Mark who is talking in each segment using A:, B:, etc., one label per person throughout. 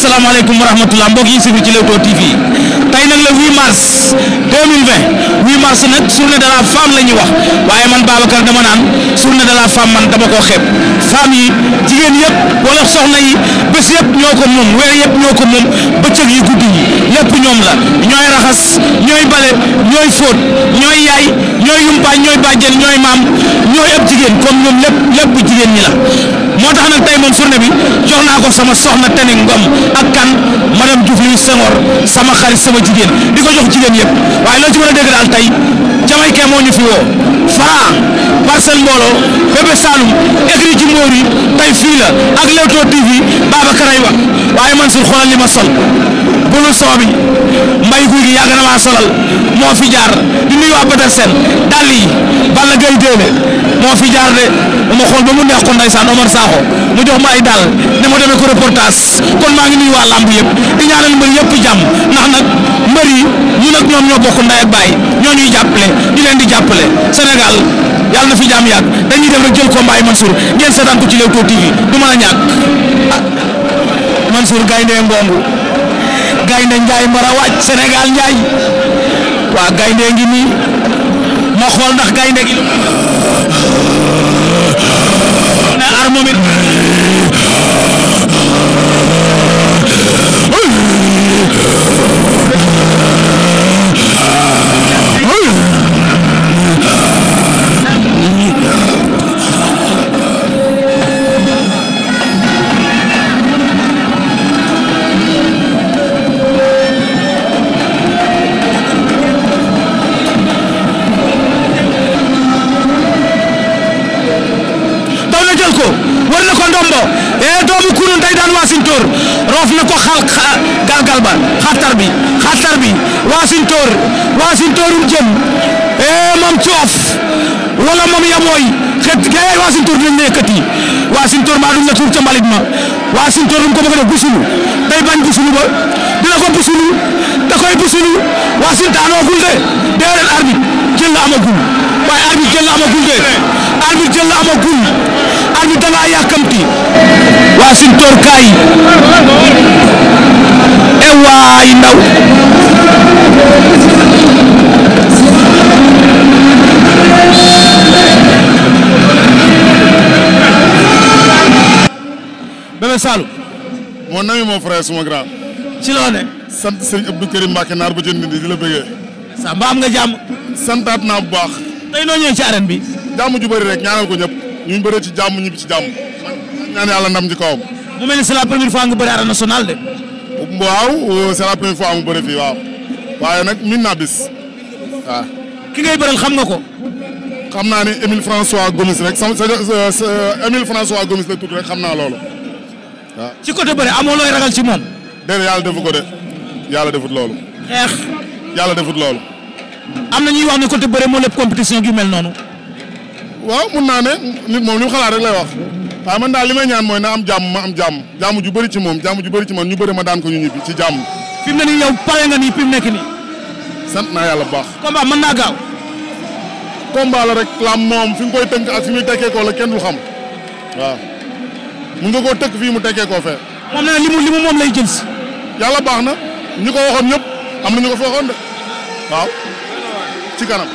A: asalaamaaleykum wa rahmatulah mbokk yi suivre ci Leewtoo TV tey nag le 8 mars 2020 8 mars nag journée de la femme wax waaye man Babacar dama naan journée de la femme man dama koo xeeb femme yi jigéen yëpp wala soxna yi bés yëpp ñoo ko moom weer yëpp ñoo ko moom bëccëg yu guddi yi lépp ñoom la ñooy raxas ñooy bale ñooy fóot ñooy yaay ñooy yumpaañ ñooy bàjjen ñooy maam ñooy ëpp jigéen comme ñoom lépp lépp jigéen ñi la moo tax nag tey moom journée bi jox naa ko sama soxna Tene Ngom ak kan madame Diouf Louis Senghor sama xarit sama jigéen di ko jox jigéen yëpp waaye loo ci mën a dégg daal tey jamaïcain moo ñu fi woo Franc Parcelles Mbooloo Bébé Saloum écrit ci mbóor yi tey fii la waaye man suñ xoolal li ma sol bulu soo bi mbay guy gi na maa solal moo fi jaar di nuyu waa Petersen dàll yi Balla moo fi jaar de ma xool ba mu neex ko ndeysaan Omar mu jox ma ay dàll ne ma demee ko reportage kon maa ngi nuyu waa làmb yëpp di ñaanal mbër yëpp jàmm ndax nag mbër yi ñun ak ñoom ñoo bokk ndey ñoo ñuy jàppale ñu leen di jàppale Sénégal na fi jaam yàgg dañuy dem rek jël combat yi Mansour ngeen seetaan ko ci Leewtoo TV du mën a ñàkk Mansour gaynde ngongu gaynde Njaay mbara waaj Sénégal Njaay waa gaynde ngi nii ma xool ndax gaynde gi na dóor roof na ko xal galgal ba xatar bi xatar bi waasintóor waasintóorum jëm ee eh, moom coof wala moom yamooy xet gaay waasintóor dinañ la yëkkati waasintóor maa duñ la tuur ca mbalit ma waasintóor lu mu ko bëgg a def busulu day bañ busulu ba dina ko busulu da koy busulu waasintaanoogul de déedéet arbitre jël la amagul waaye arbitre jël la amagul de xaar bi da ngaa yàkkamti waa suñ toor kaay e waay ndaw
B: Bébé Saloum mon ami mon frère ci loo sant sëñ Abdou Karim Mbacke naar ba di la bëggee sa mbaam nga jàmm santaat naa bu baax tey noo ñëwee ci bi jàmm ju bëri rek ñaanal ko ñëpp ñu bëre ci jàmm ñibbi ci jàmm. ñaan yàlla ndam ci kawam. ni c'est la première fois nga bëre arène nationale de. waaw euh, c'est la première fois mu bëre fii waaw. waaye nag min naa bis waaw. ki ngay bëral xam nga ko. xam naa ne Émile François Gomis rek sama sa Émile François Gomis la tudd rek xam naa loolu waaw. ci côté bëre amoo looy ragal ci moom. déedéet yàlla defu ko de yàlla defut loolu. xeex. yàlla defut loolu. am na ñuy wax ni côté bëre moo lépp compétition gi noonu. waaw mun naa ne nit moom li mu xalaat rek lay wax waaye man daal li may ñaan mooy na am jàmm ma am jàmm jàmm ju bëri ci moom jàmm ju bëri ci man ñu bëri ma daan ko ñu ñibbi ci jàmm. fi mu ne nii yow pare nga nii fi mu nekk nii. sant naa yàlla bu baax. combat man naa gaaw. combat rek lam moom fi koy tënk ak fi muy tekkee koo la kenn du xam waaw mun nga koo tëkk fii mu tekkee koo fee. xam naa li mu li mu moom lay jël si. yàlla baax na ñu ko waxoon ñëpp am na ñu ko ci kanam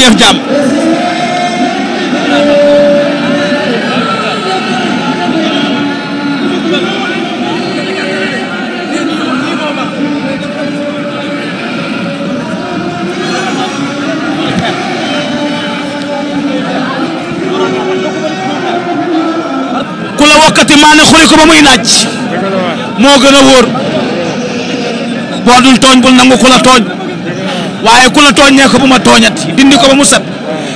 A: Jeff ku la wokkati maane xuri ko ba muy naaj moo gën a wóor boo dul tooñ bul nangu ku la tooñ waaye ku la tooñee ko bu ma tooñat dindi ko ba mu set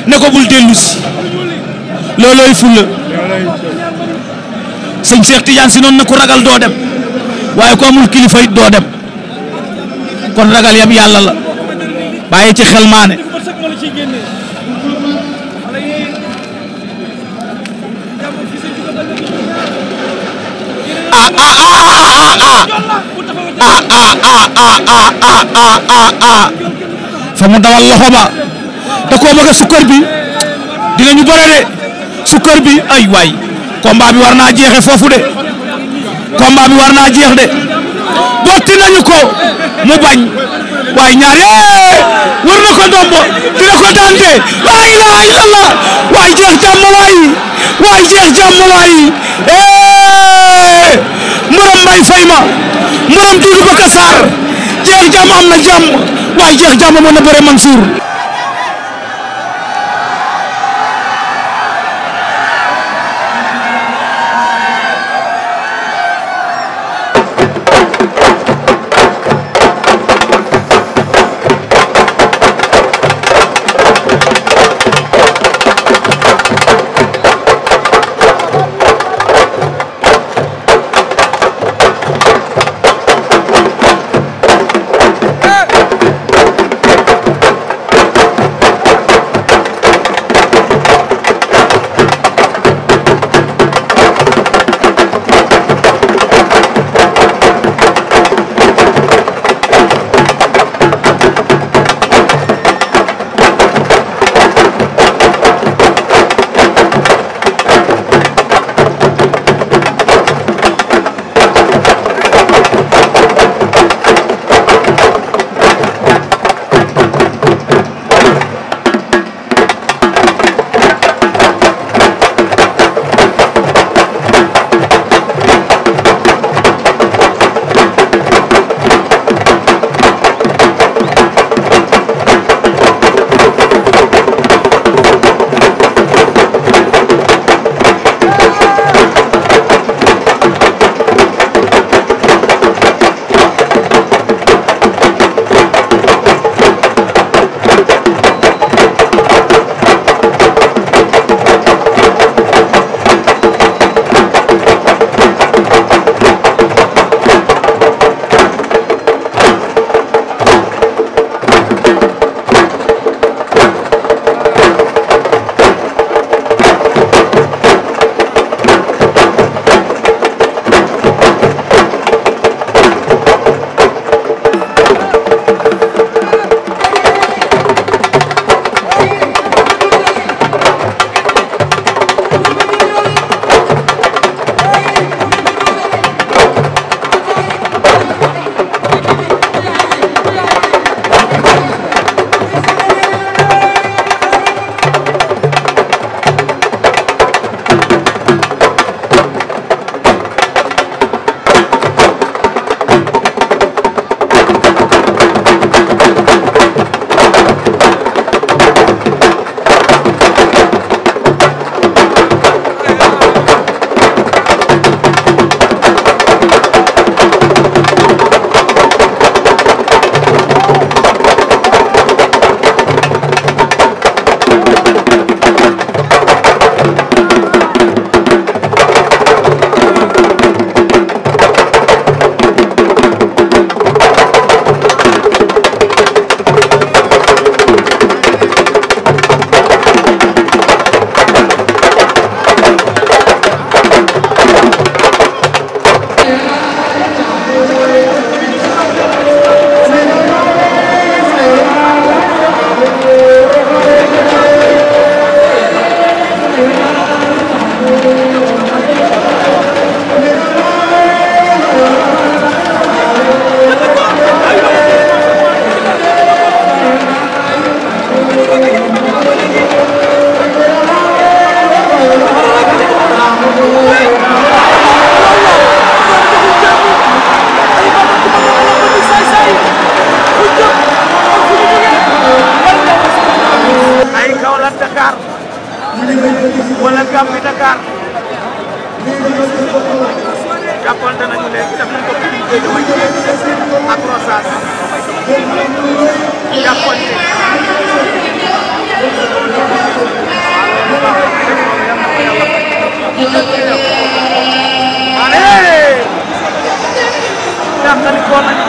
A: ne ko bul dellu loolooy fulla sëñ Cheikh Tidiane si noonu na ku ragal doo dem waaye ku amul kilifa doo dem kon ragal yam yàlla la bàyyi ci xel maane ah ah ah ah ah ah fa mu dawal loxo ba da koo bëgg a sukkër bi dinañu de sukkër bi ay waay combat bi war naa jeexe foofu de combat bi war naa jeex de dotti nañu ko mu bañ waaye ñaar yee war na ko ndombo dina ko dante la ilaha illallah waay jeex jàmm waay waay jeex jàmm waay eh mërëm mbay fay ma mërëm duudu loolu jàmm am na jàmm waaye jeex jàmm mën na bëre Mansour woon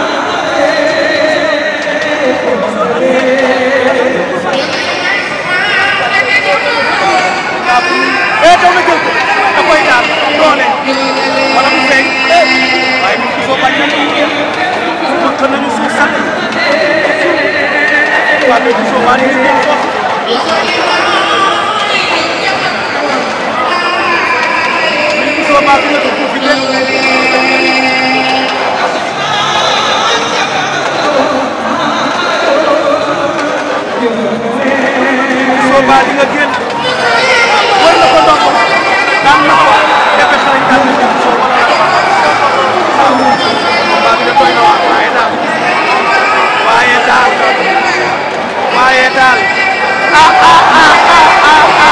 A: combat di nga génn war na ko ndox daan na ko defee xarañ daan na jëm soo wala combat bi da doy na waar waaye daal waaye daal waaye daal ah ah ah ah ah ah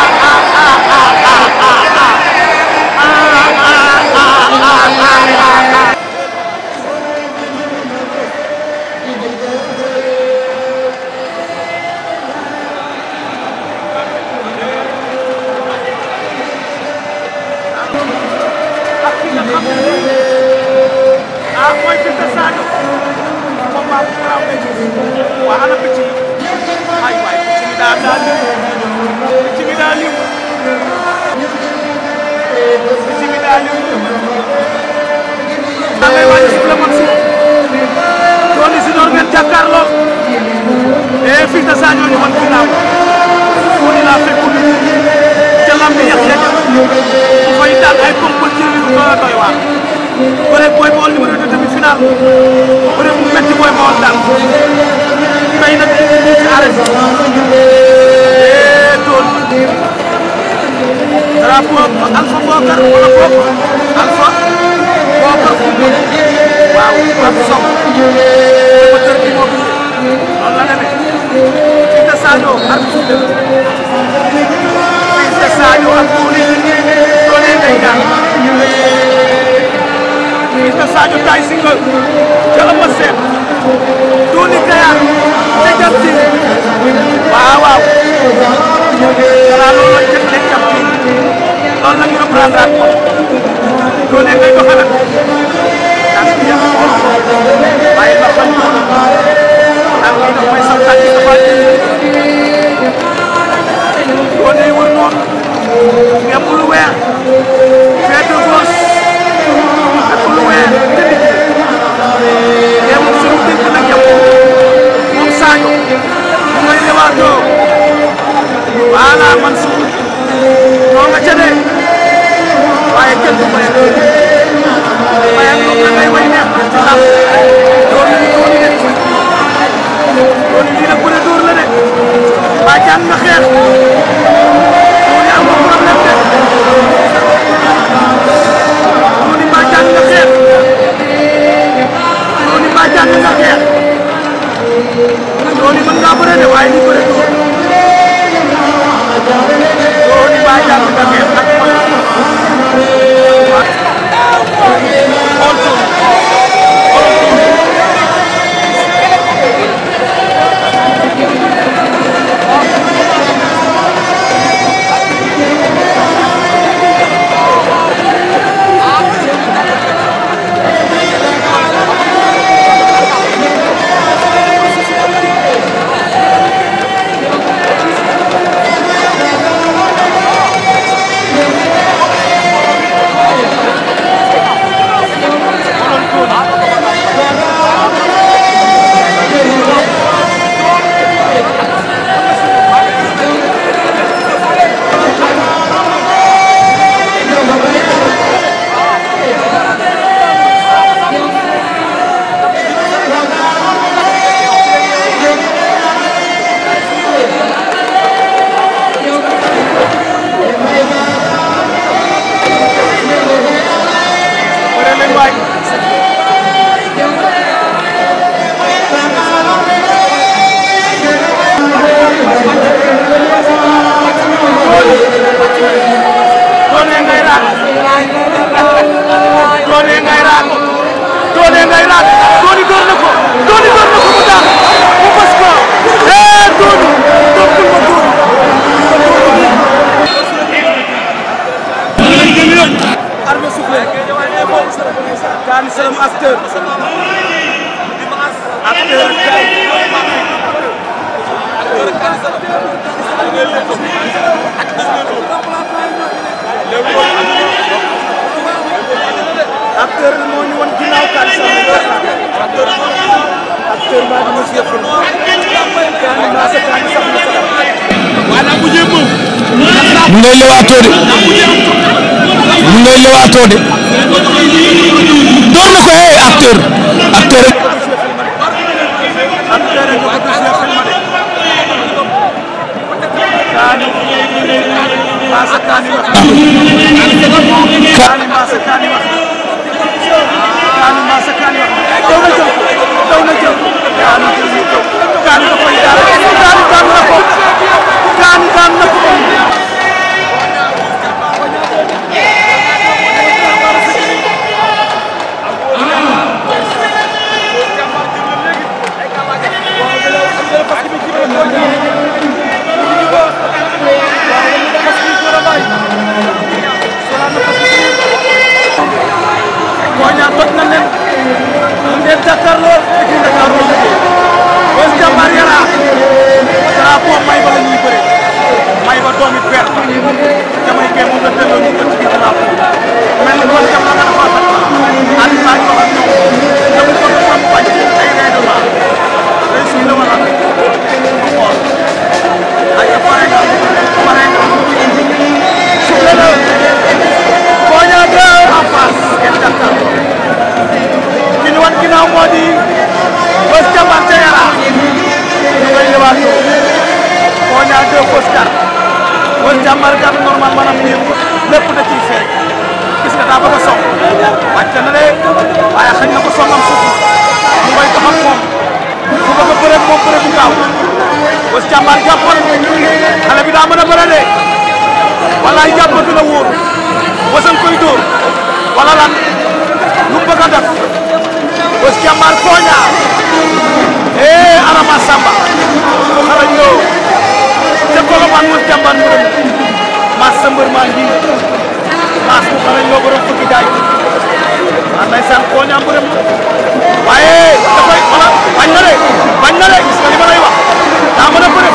A: ah, ah, ah. ah mooy fils de Sadio moom maa ngi garaaw lay gis waa ana picc mi ay waay picc mi daa daa liw picc mi daa liw picc mi daa liw da ngay waaj suuf la man si doon si door ngeen jàkkaarloo eh fils de Sadio ñu man ginnaaw ko ni laa fekkoon ca lam bi yàq yàq fay daal ay compétitions yu ñu doon doy waar. bëre booy bool numéro deux tamit final bëre bu métti booy bool daal tey nag ñu ngi ci arrêté et tool rapport alpha Bokar wala boog alpha Bokar bu mu waaw ak sox ba kër gi moo bindee noonu la demee fii de Sadio ak Koundé fii de Sadio ak Koundé. ministre Sadio Tay Singal ca Eumeu Sène Tony Kayar ca Diam Terry waaw waaw xanaa loolu lañ jëf leen Diam Terry loolu la ñu reprendre ko Tony ngay doxalal acteur bi moo ñu woon ginnaaw kan sax acteur acteur baa ngi ci yëful kan ma sa kan sax na sax wala bu jëm mu ngay lewaatoo de mu ngay lewaatoo de door na ko hey acteur acteur Kaani Baasa Kaani laajte na leen waaye xëy na ko soxam suuf mu koy doxal moom su bëgg a bëree moom bëri bu gaaw Weuz Diambar jàppoon xale bi daa mën a bëre de walaay jàppatu la wóor wasan koy dóor wala lan lu bëgg a def Weuz Diambar kooñaa eh Arama Samba bu xarañ loo ca Colobane Weuz Diambar mbërëm maas sa mbër maa ngi maas bu xarañ loo borom fukki jaay waaw ndeysaan koo ñaam bërëm la waaye da koy xoolal bañ na de bañ na de gis nga li ma lay wax daa mën a bëri